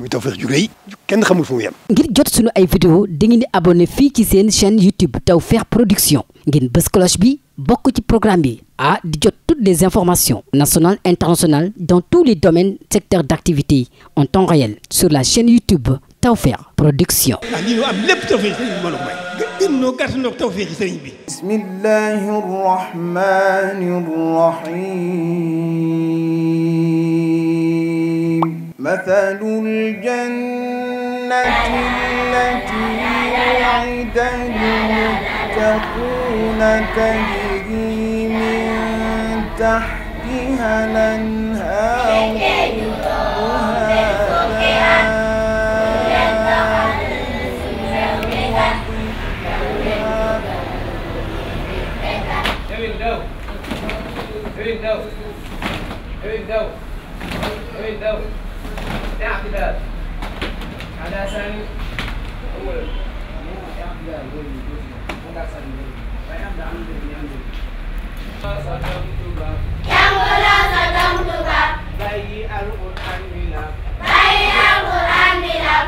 muy Tawfekh ju rëy kenn xamul fu mu yem. ngir jot sunu ay vidéo dangeen di abonné fii ci seen chaîne YouTube Tawfekh Production toutes les informations nationales internationales dans tous les domaines secteurs d'activité en temps réel sur la chaîne YouTube Tawfekh Production. ah lii ñu am lépp Tawfekh sëriñ bi mbooloo mooy. gën مثل الجنة التي وعد المتقون تجري من تحتها الأنهار Here we go. Here we go. Here we go. اعتدال على ثاني أولا اعتدال ولا ثاني فيبدأ عن ذلك عن ذلك صدمتك بيع القرآن بلا بيع القرآن بلا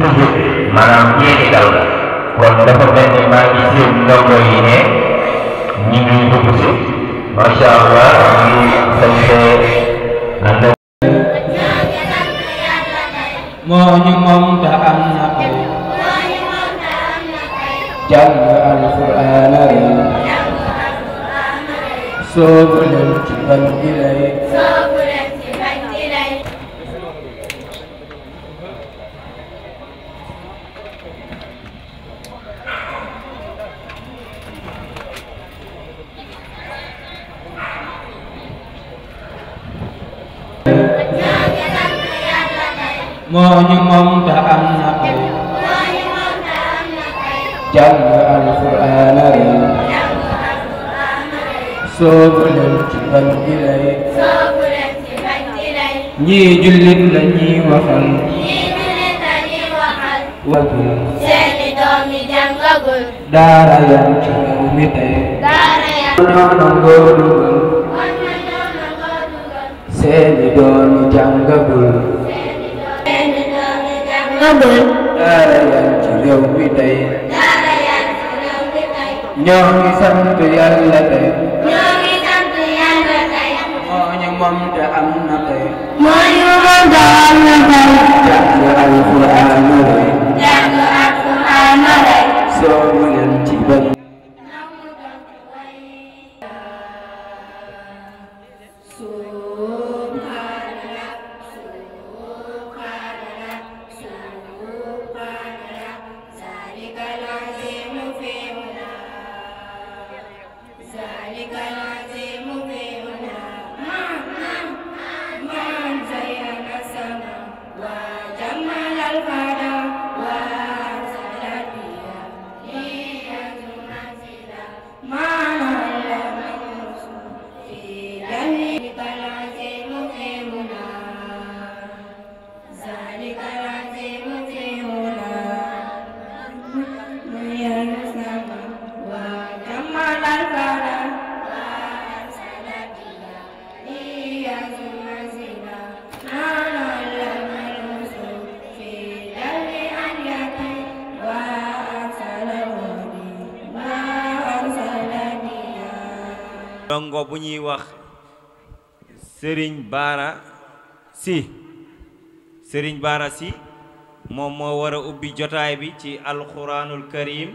toujours maanaam yéene dal la kon dafa mel ni maa ngi seen ndongo yi ne ñi ngi dugg si macha allah ñu sant moo ñu moom te am na ko jàng alxuraan rek soo ci ban bi lay ñooñu moom ci bañ di lay ñii jullit la ñuy mi tey noonu ngoo seeni doom yi jàngagul amee daara yàlla ci tey ñoo ngi sant yàlla tey tey moo ñu moom am na tey moo ñu moom am na tey dongo bu ñuy wax Serigne Bara Sy Serigne Bara Sy moom moo war a ubbi jotaay bi ci alquranul karim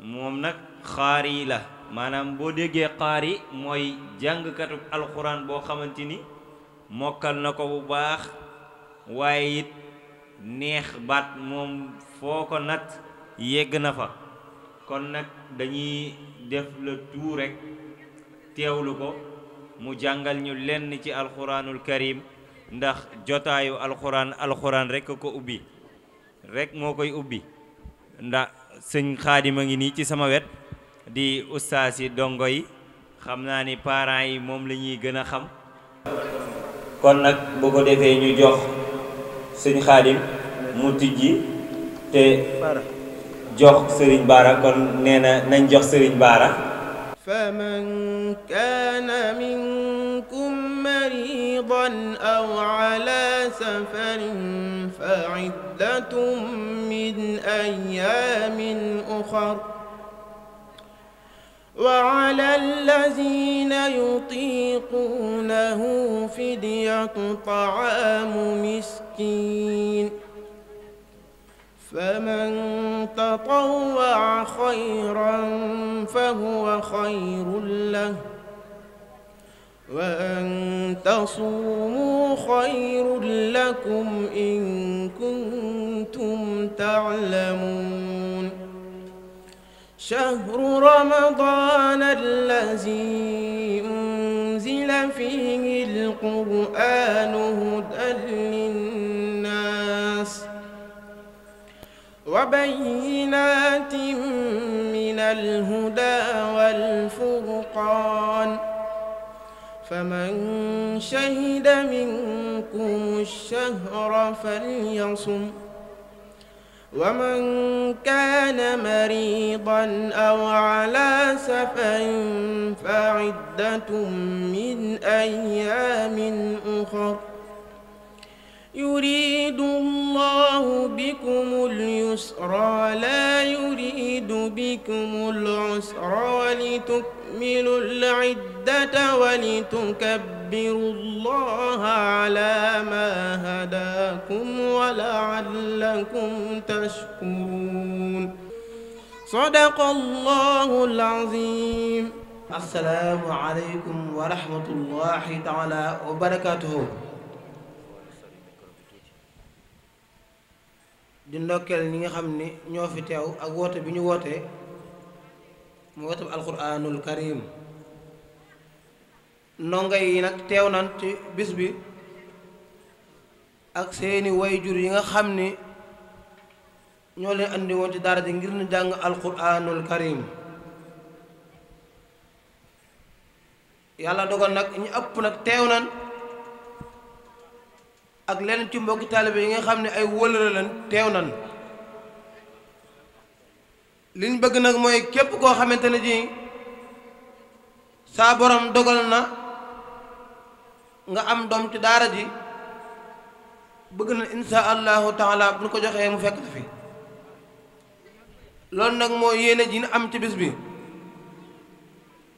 moom nag xaari la maanaam boo déggee xari mooy jàngkatu alquran boo xamante ni mokkal na ko bu baax waaye it neex baat moom foo ko nat yegg na fa kon nag dañuy def le tout rek teewlu ko mu jàngal ñu lenn ci alxuraanul karim ndax jotaayu alxuraan alxuraan rekk a ko ubbi rek moo koy ubbi ndax sëñ xaadim a ngi nii ci sama wet di ustaas dongo yi xam naa ni parents yi moom la ñuy gën a xam kon nag bu ko defee ñu jox sëñ xaadim mu tijji te jox sëriñ baara kon nee na nañ jox sëriñ baara فمن كان منكم مريضا أو على سفر فعدة من أيام أخر وعلى الذين يطيقونه فدية طعام مسكين فمن تطوع خيرا فهو خير له وأن تصوموا خير لكم إن كنتم تعلمون شهر رمضان الذي أنزل فيه القرآن هدى وبينات من الهدى والفرقان فمن شهد منكم الشهر فليصم ومن كان مريضا أو على سفر فعدة من أيام أخر يريد الله بكم اليسر لا يريد بكم العسر ولتكملوا العدة ولتكبروا الله على ما هداكم ولعلكم تشكرون صدق الله العظيم السلام عليكم ورحمة الله تعالى وبركاته di ndokkeel ñi nga xam ni ñoo fi teew ak woote bi ñu wootee mu woote bi alquranul karim ndongo yi nag teew nan ci bis bi ak seeni wayjur yi nga xam ni ñoo leen indi woon ci daara ji ngir ñu jàng alquranul karim yàlla dogal nag ñu ëpp nag teew nan ak leneen ci mbokki taalibe yi nga xam ne ay wëlëra lan teew nan liñ bëgg nag mooy képp koo xamante ne ji saa borom dogal na nga am doom ci daara ji bëgg na insha allahu taala bu ñu ko joxee mu fekk fi loolu nag moo yéene ji ñu am ci bis bi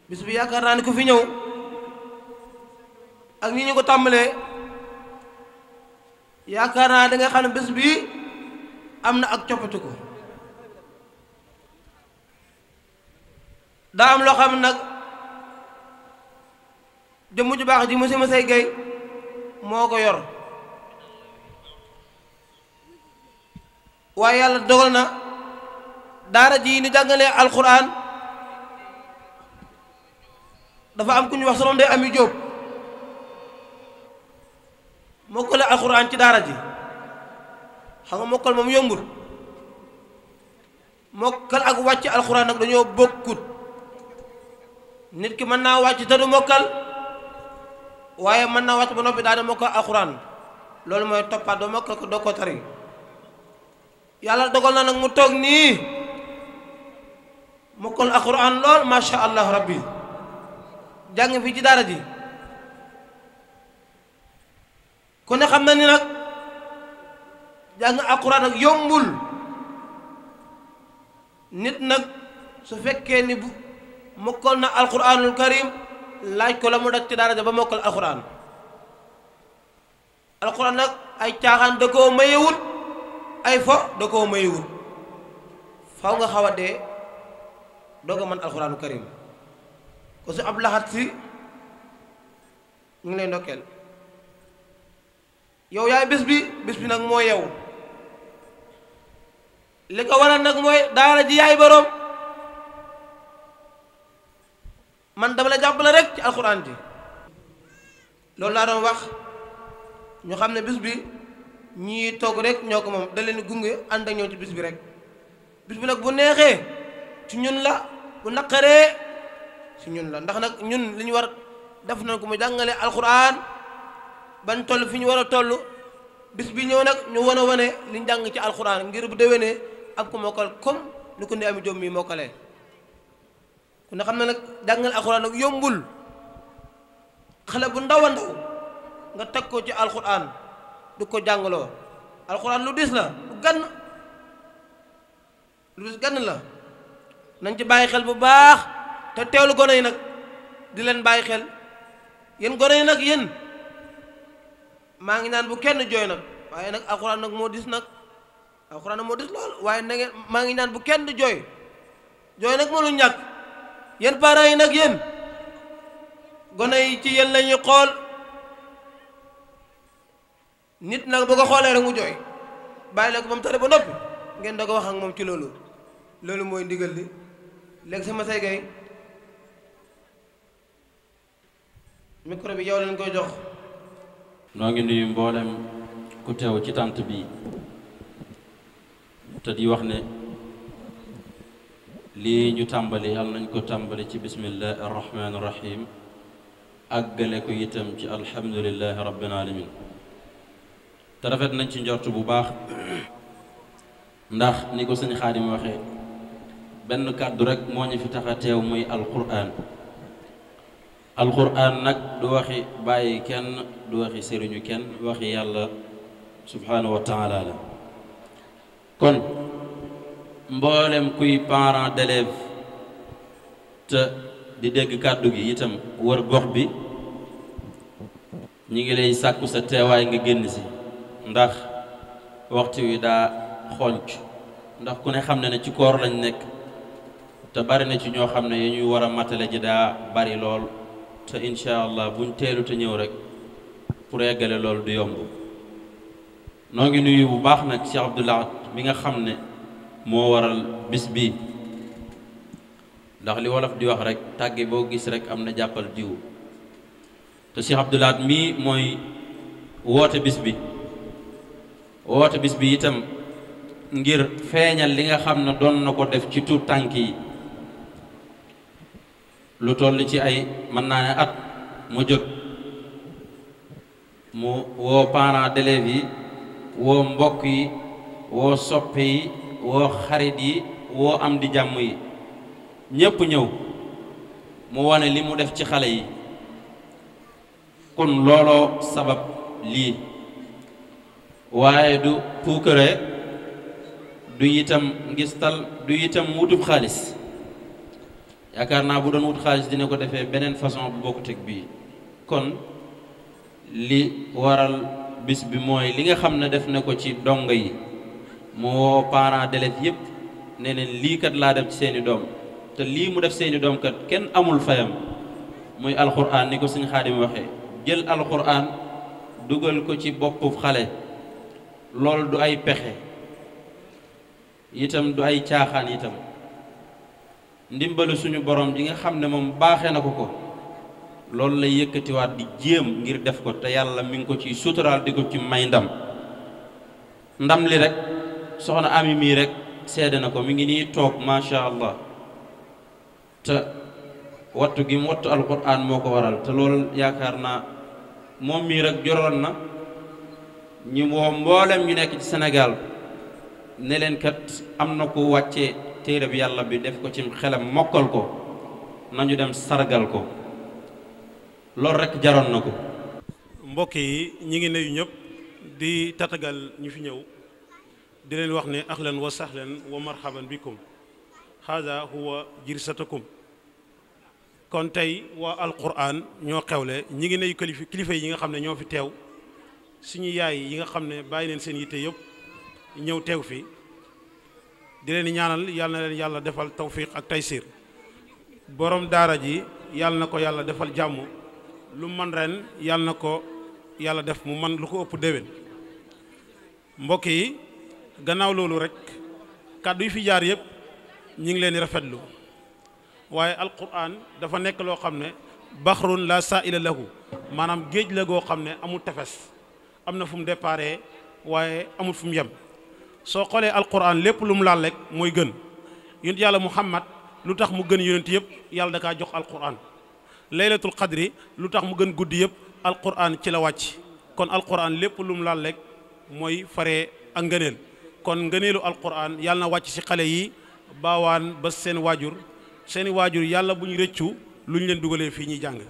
bis bi yaakaar naa ni ku fi ñëw ak ñi ñu ko tàmbalee yaakaar naa dangay xam ne bés bii am na ak coppatiku daa am loo xam nag jëmm ju baax ji monsieur Masseye Gueye moo ko yor waaye yàlla dogal na daara ji ñu jàngalee alquran dafa am ku ñu wax solo ndey ami Jóob mokkale alxuraan ci daara ji xam nga mokkal moom yombul mokkal ak wàcc alxuraan nag dañoo bokkut nit ki mën naa wàcc te du mokkal waaye mën naa wàcc ba noppi daal di mokkal alxuraan loolu mooy toppaat doo mokkal ko doo ko tari yàlla dogal na nag mu toog nii mokkal alxuraan lool macha allah rabbi jàng fi ci daara ji kon ne xam na ni nag jàng alxuraan ak yombul nit nag su fekkee ni bu mokkal na alxuraanul karim laaj ko la mu daj ci daara ja ba mokkal alxuraan alxuraan nag ay caaxaan da koo mayewul ay fo da koo mayewul faw nga xaw a dee doog a mën alxuraanul karim ko su ab laxat si ñu ngi lay ndokkeel yow yaay bés bi bés bi nag mooy yow li ko waral nag mooy daara ji yaay boroom man dama la jàppale rek ci alxuraan ji loolu laa doon wax ñu xam ne bis bi ñii toog rek ñoo ko moom da leen gunge ànd ak ñoom ci bis bi rek bis bi nag bu neexee ci ñun la bu naqaree ci ñun la ndax nag ñun li ñu war def nañ ko mu jàngale alxuraan ban toll fi ñu war a toll bis bi ñëw nag ñu wan a wane liñ jàng ci alxuraan ngir bu déwénee ak ku mokkal comme ni ko ne ami jom mi mokkalee ku ne xam ne nag jàngal alxuraan yombul xale bu ndaw a ndaw nga teg ko ci alxuraan du ko jàngaloo alxuraan lu dis la lu gann lu dis gann la nañ ci bàyyi xel bu baax te teewlu gone yi nag di leen bàyyi xel yéen gone yi nag yenn maa ngi naan bu kenn jooy nag waaye nag alxuraan nag moo dis nag alxuraan nag moo dis lool waaye na maa ngi naan bu kenn jooy jooy nag mënu ñàkk yéen parents yi nag yéen gone yi ci yéen lañuy xool nit nag bu ko xoolee rek mu jooy bàyyi leen ko ba mu tare ba noppi ngeen da ko wax ak moom ci loolu loolu mooy ndigal li léegi sama say gay micro bi yow leen koy jox noo ngi nuyu mboolem ku teew ci tànt bi te di wax ne lii ñu tàmbali yàlla nañ ko tàmbali ci bismillahi arrahmani irrahim àggale ko itam ci alhamdulillahi rabbil alamin te rafet nañ ci njort bu baax ndax ni ko sëñ xaadim waxe benn kàddu rekk moo ñu fi tax teew muy alquran alquran nag du waxi bàyyi kenn du waxi sëriñu kenn waxi yàlla subhanahu wa taala la kon mboolem kuy parent d'élève te di dégg kàddu gi itam wër gox bi ñi ngi lay sàkku sa teewaay nga génn si ndax waxtu wi daa xonc ndax ku ne xam ne ne ci koor lañ nekk te bari na ci ñoo xam ne yi ñuy war a matale ji daa bari lool te incha allah buñ teelu te ñëw rek pour eggale loolu du yomb noo ngi nuyu bu baax nag Cheikh Abdoul Ahad mi nga xam ne moo waral bis bi ndax li wolof di wax rek tàgge boo gis rek am na jàppal diw te Cheikh Abdoul mii mooy woote bis bi woote bis bi itam ngir feeñal li nga xam ne doon na ko def ci tuut tànk yi lu toll ci ay mën naa ne at mu jot mu woo parents d'élèves yi woo mbokk yi woo soppe yi woo xarit yi woo am di jàmm yi ñépp ñëw mu wane li mu def ci xale yi kon looloo sabab lii waaye du puukare du itam ngistal du itam wutub xaalis yaakaar naa bu doon wut xaalis dina ko defee beneen façon bu bokkut bii kon li waral bis bi mooy li nga xam ne def na ko ci dongo yi mu woo delet yépp ne leen liikat laa def ci seeni doom te lii mu def seeni doom kenn amul fayam muy alxuraan ni ko suñ xaadim waxe jël alxuraan dugal ko ci boppu xale loolu du ay pexe itam du ay caaxaan itam ndimbali suñu borom ji nga xam ne moom baaxee na ko ko loolu lay yëkkatiwaat di jéem ngir def ko te yàlla mi ngi ko ci suturaal di ko ci may ndam ndam li rek soxna ami mii rek sedd na ko mi ngi nii toog macha allah te wattu gi mu wattu alquran moo ko waral te loolu yaakaar naa moom mii rek joroon na ñu woo mboolem ñu nekk ci Sénégal ne kat am na ko wàccee téere bi yàlla bi def ko cim xelam mokkal ko na ñu dem sargal ko loolu rek jaroon na ko mbokk yi ñi ngi nuyu ñëpp di tatagal ñu fi ñëw di leen wax ne ahlan wa sahlan wa marhaban bikum haza huwa jirsatakum kon tey waa alquran ñoo xewle ñi ngi nuyu kilifa kilifa yi nga xam ne ñoo fi teew suñu yaay yi nga xam ne bàyyi leen seen yitte yëpp ñëw teew fi di leen ñaanal yàlla na leen yàlla defal tawfiq ak taysir borom daara ji yàlla na ko yàlla defal jàmm lu man ren yàlla na ko yàlla def mu man lu ko ëpp déwén mbokk yi gannaaw loolu rek kàddu yi fi jaar yëpp ñu ngi leen di rafetlu waaye alquran dafa nekk loo xam ne baxrun la sa'ila lahu maanaam géej la goo xam ne amul tefes am na fu mu déparé waaye amul fu mu yem soo xoolee alxuraan lépp lu mu laal lekk mooy gën yonent yàlla muhammad lu tax mu gën yonent yëpp yàlla da jox alxuraan laylatul xadri lu tax mu gën guddi yëpp alquran ci la wàcc kon alxuraan lépp lu mu laal lekk mooy faree ak ngëneel kon ngëneelu alxuraan yàlla na wàcc ci xale yi baawaan ba seen waajur seeni waajur yàlla bu ñu rëccu lu ñu leen dugalee fii ñuy jàng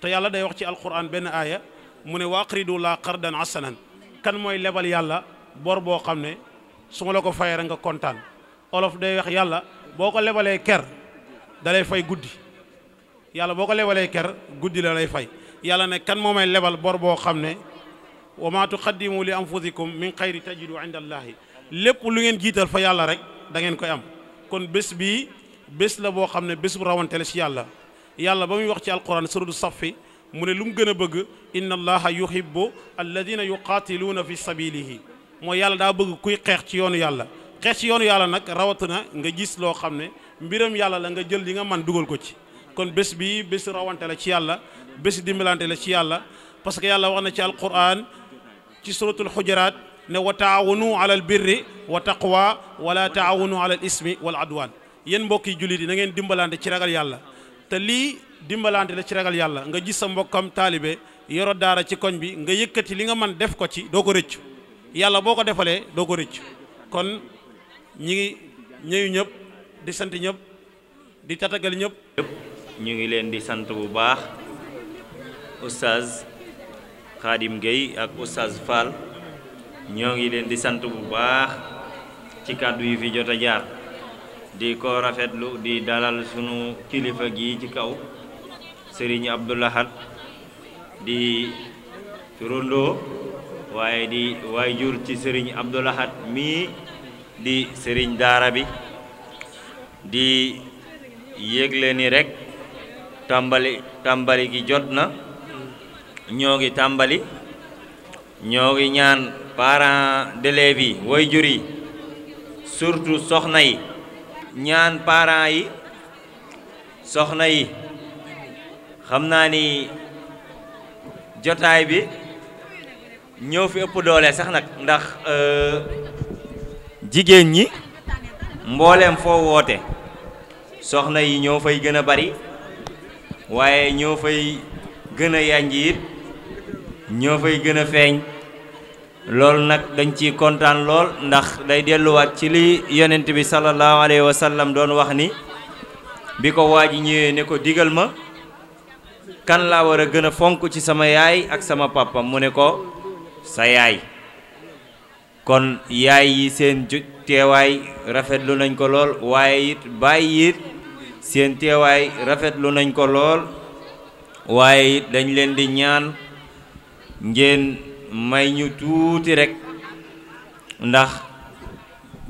te yàlla day wax ci alxuraan benn aaya mu ne waaqridu laa qardan hasanan kan mooy lebal yàlla bor boo xam ne su ma la ko fayee rek nga kontaan olof day wax yàlla boo ko lebalee ker dalay lay guddi yàlla boo ko lebalee ker guddi la lay fay yàlla ne kan moo may lebal bor boo xam ne wa maa tuqaddimu li anfusikum min xayri tajidu inda allahi lépp lu ngeen jiital fa yàlla rek dangeen koy am kon bés bii bés la boo xam ne bés bu rawante la ci yàlla yàlla ba muy wax ci alquran suratu safi mu ne lu mu gën a bëgg inna allaha yuhibbu alladina yuqaatiluuna fi sabilihi mooy yàlla daa bëgg kuy xeex ci yoonu yàlla xeex ci yoonu yàlla nag rawatina nga gis loo xam ne mbiram yàlla la nga jël li nga man dugal ko ci kon bés bi bés rawante la ci yàlla bés dimbalante la ci yàlla parce que yàlla wax na ci alquran ci suratul xujaraat ne wa taawanu ala al birri wa taqwa wala taawanu ala al ismi wal adwan yéen mbokki jullit yi nangeen ngeen dimbalante ci ragal yàlla te lii dimbalante la ci ragal yàlla nga gis sa mbokkam taalibe yoro daara ci koñ bi nga yëkkati li nga man def ko ci doo ko rëccu yàlla boo ko defalee doo ko rëcc kon ñi ngi ñëyu ñëpp di sant ñëpp di tatagal ñëpp ñu ngi leen di sant bu baax oustaz Khadim géey ak oustaz Fall ñoo ngi leen di sant bu baax ci kàddu yi fi jot a jaar di ko rafetlu di dalal sunu kilifa gi ci kaw Serigne Abdoul di rondoo waaye di waajur ci sëriñ Abdou Lahad mii di sëriñ daara bi di yégle ni rekk tàmbali tàmbali gi jot na ñoo ngi tàmbali ñoo ngi ñaan parents d'élèves yi waajur yi surtout soxna yi ñaan parents yi soxna yi xam naa ni jotaay bi ñoo fi ëpp doole sax nag ndax euh, jigéen ñi mbooleem foo woote soxna yi ñoo fay gën a bari waaye ñoo fay gën a yànji it ñoo fay gën a feeñ loolu nag dañ ci kontaan lool ndax day delluwaat ci li yenent bi sallallahu alayhi wa doon wax ni bi ko waa ji ñëwee ne ko digal ma kan laa war a gën a fonk ci sama yaay ak sama papa mu ne ko sa yaay kon yaay yi seen ju teewaay rafetlu nañ ko lool waaye it baay it seen teewaay rafetlu nañ ko lool waaye it dañ leen di ñaan ngeen may ñu tuuti rekk ndax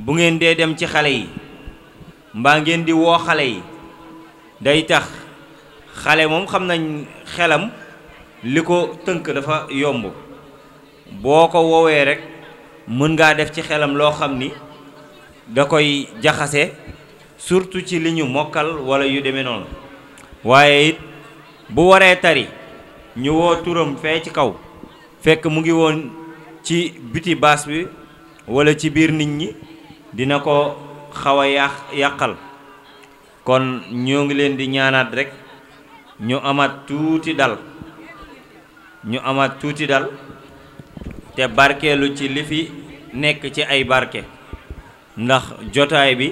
bu ngeen dee dem ci xale yi mbaa ngeen di woo xale yi day tax xale moom xam nañ xelam li ko tënk dafa yomb boo ko woowee rek mën ngaa def ci xelam loo xam ni da koy jaxase surtout ci li ñu mokkal walla yu demee noonu waaye it bu waree tari ñu woo turam fee ci kaw fekk mu ngi woon ci biti baas bi wala ci biir nit ñi dina ko xaw a yàq yàqal kon ñoo ngi leen di ñaanaat rekk ñu amaat tuuti dal ñu amaat tuuti dal te barkeelu ci li fi nekk ci ay barke ndax jotaay bi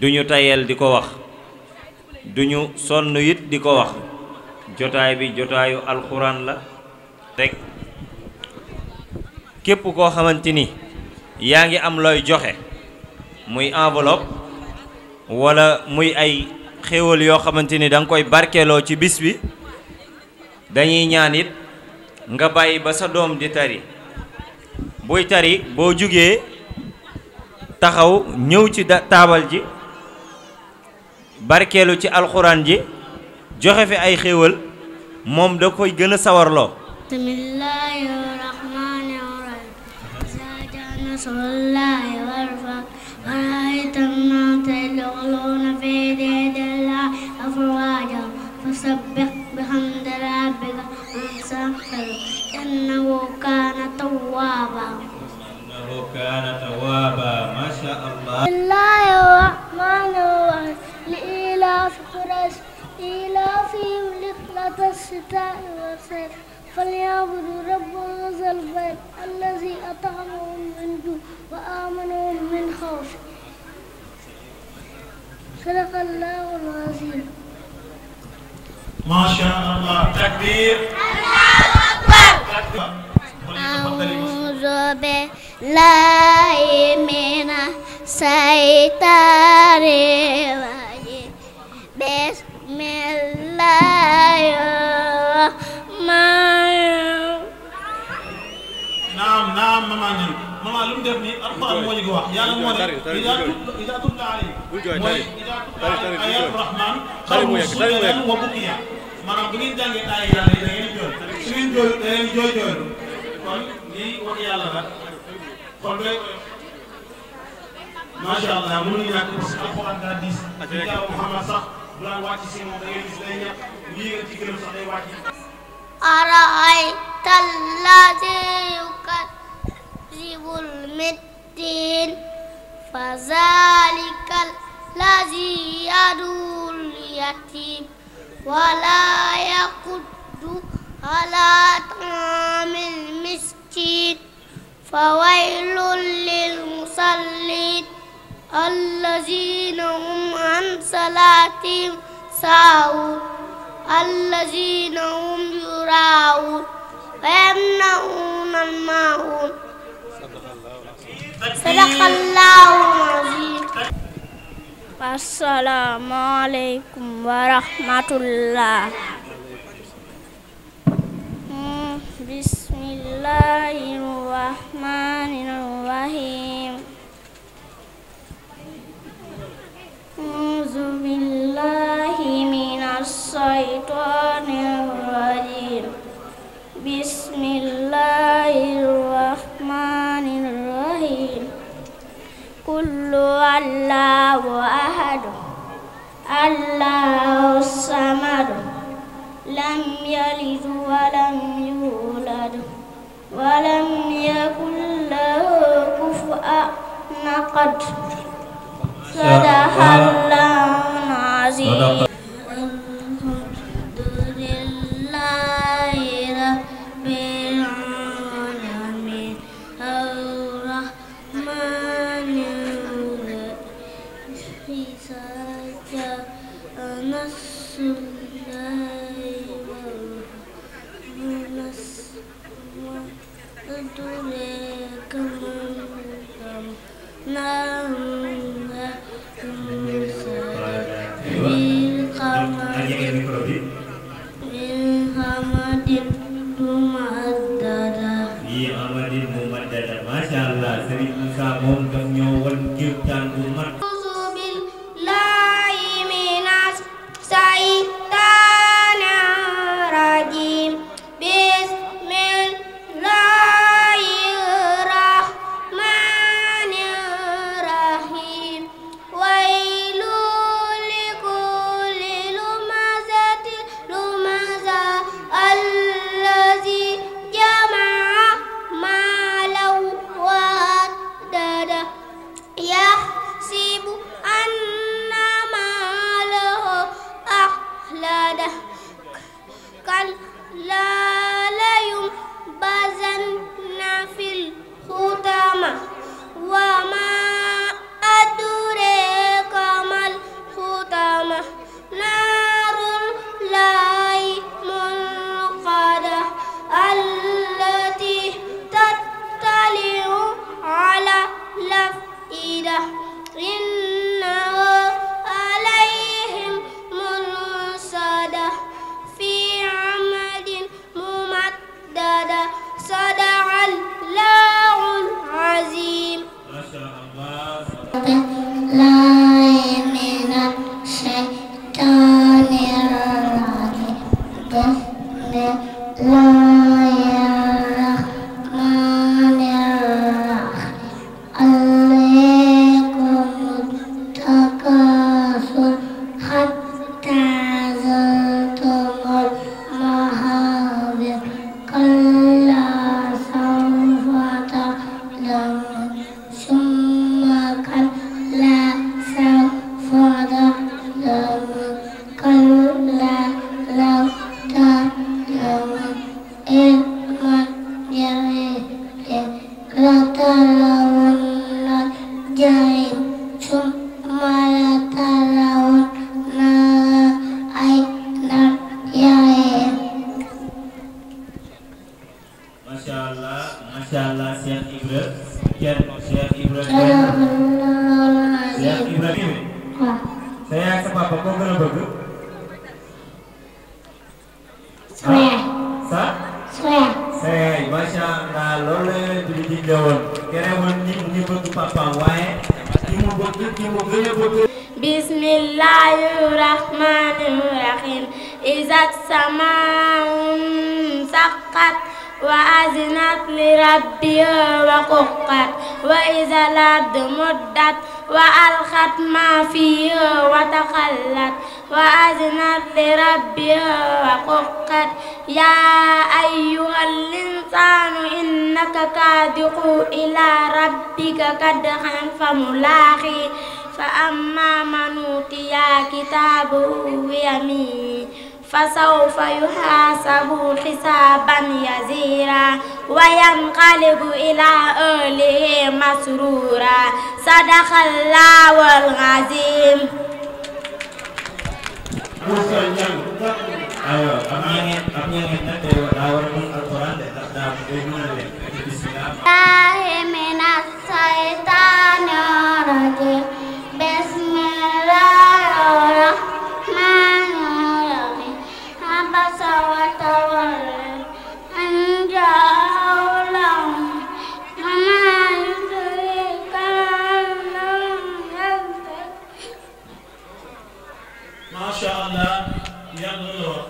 duñu tayel di ko wax duñu sonn it di ko wax jotaay bi jotaayu alxuraan la rek képp koo xamante ni yaa ngi am looy joxe muy enveloppe wala muy ay xéewal yoo xamante ni da koy barkeeloo ci bis bi dañuy ñaan it nga bàyyi ba sa doom di tari buy tari boo jógee taxaw ñëw ci taabal ji barkeelu ci alxuraan ji joxe fi ay xéewal moom da koy gën a sawarloo إنه كان توابا إنه كان توابا ما شاء الله بسم الله الرحمن الرحيم لإلاف قريش إلافهم رحلة الشتاء والصيف فليعبدوا رب هذا البيت الذي أطعمهم من جوع وآمنهم من خوف صدق الله العظيم macha allah takbir أعوذ بالله من الشيطان الرجيم بسم الله الرحمن الرحيم نعم نعم ماما maman lu mu def nii alxuraan moo ñu ko wax yàlla moo ne idaa tutla alayhi mooy idaa tutla alayhi ayaatu rahmaan xamu sujjadan wa bukiya maanaam bu ngeen jàngee aaya yàlla yi da ngeen jooy su ngeen jooy da ngeen jooy jooy kon lii wax yàlla la kon rek macha allah mënuñu ñàkk parce que alxuraan daa diis di jaaw Muhammad sax bu daan wàcc si moom da ngeen gis day ñàkk lii nga ci gërëm sax day wàcc. أرأيت الذي يكذب يكذب المتين فذلك الذي يدعو اليتيم ولا يقد على طعام المسكين فويل للمصلين الذين هم عن صلاتهم ساهون الذين هم يراءون ويمنعون الماعون sadaqallaahu al-aziim assalaamu aleykum wa rahmatullah hmm, bismillaahi rahmaani rahiim auzu billaahi mina shaytaani rajiim الرحيم كل الله أحد الله الصمد لم يلد ولم يولد ولم يكن له كفؤا أحد صدق الله العظيم وأذنت لربها وحقت وإذا الأرض مدت وألقت ما فيها وتخلت وأذنت لربها وحقت يا أيها الإنسان إنك كادح إلى ربك كدحا فملاقيه فأما من أوتي كتابه بيمينه فسوف يحاسب حسابا يسيرا وينقلب إلى أهله مسرورا صدق الله العظيم الله من الشيطان الرجيم macha allah yàlla lool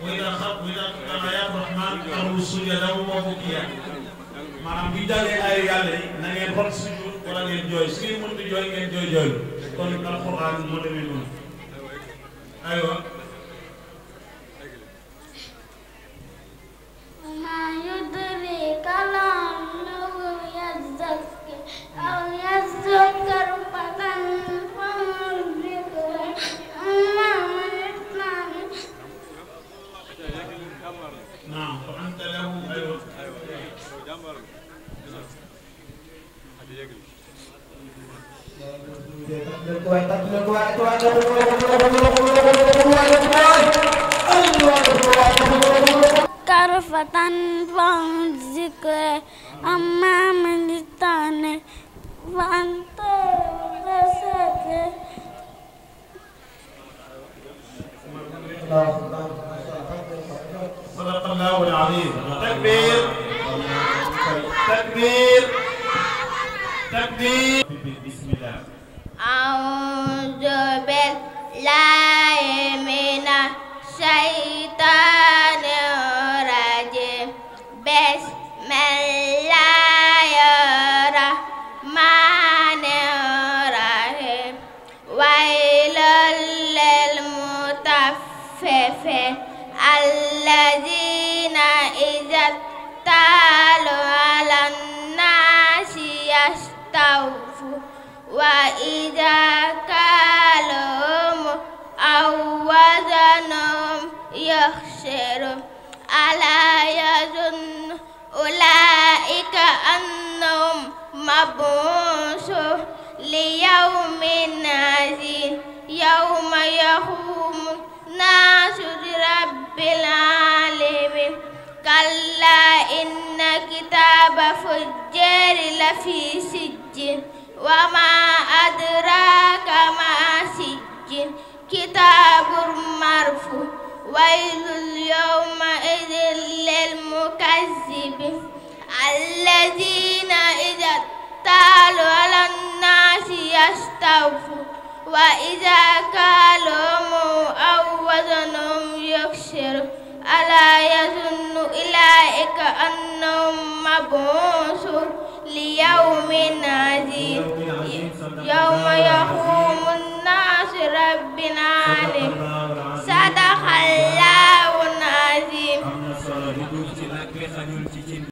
mooy na xam mooy na xanaa yaa rahmaan amul suñu yàlla mu moo ko kii yaa maanaam bu ñu dalee ay yàlla yi na ngeen xool suñu wala ngeen jooy su ngeen mënut jooy ngeen jooy jooy kon alxuraan moo demee noonu aywa. كرفة فهم الذكر أما من استغنى فأنت رسالة صدق الله العظيم تكبير تكبير تكبير بشر ألا يظن أولئك أنهم مبعوثون ليوم عظيم يوم يقوم الناس لرب العالمين كلا إن كتاب فجر لفي سجن وما أدراك ما سجن كتاب مرفوع ويل يومئذ للمكذبين الذين إذا اكتالوا على الناس يستوفون وإذا كالوهم أو وزنهم يخسرون ألا يظن أولئك أنهم مبعوثون ليوم عزيز يوم يقوم الناس رب العالمين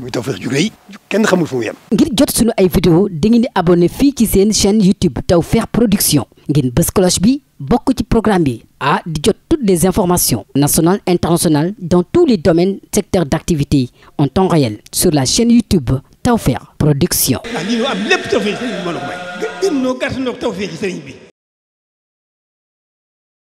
muy Tawfekh ju rëy kenn xamul fu mu yem. ngir jot sunu ay vidéo dangeen di abonné fii ci seen chaîne YouTube Tawfekh Production ngeen bës cloche bi bokk ci programme bi ah di jot toutes des informations national internationales dans tous les domaines secteurs d'activité en temps réel sur la chaine YouTube Tawfekh Production. ah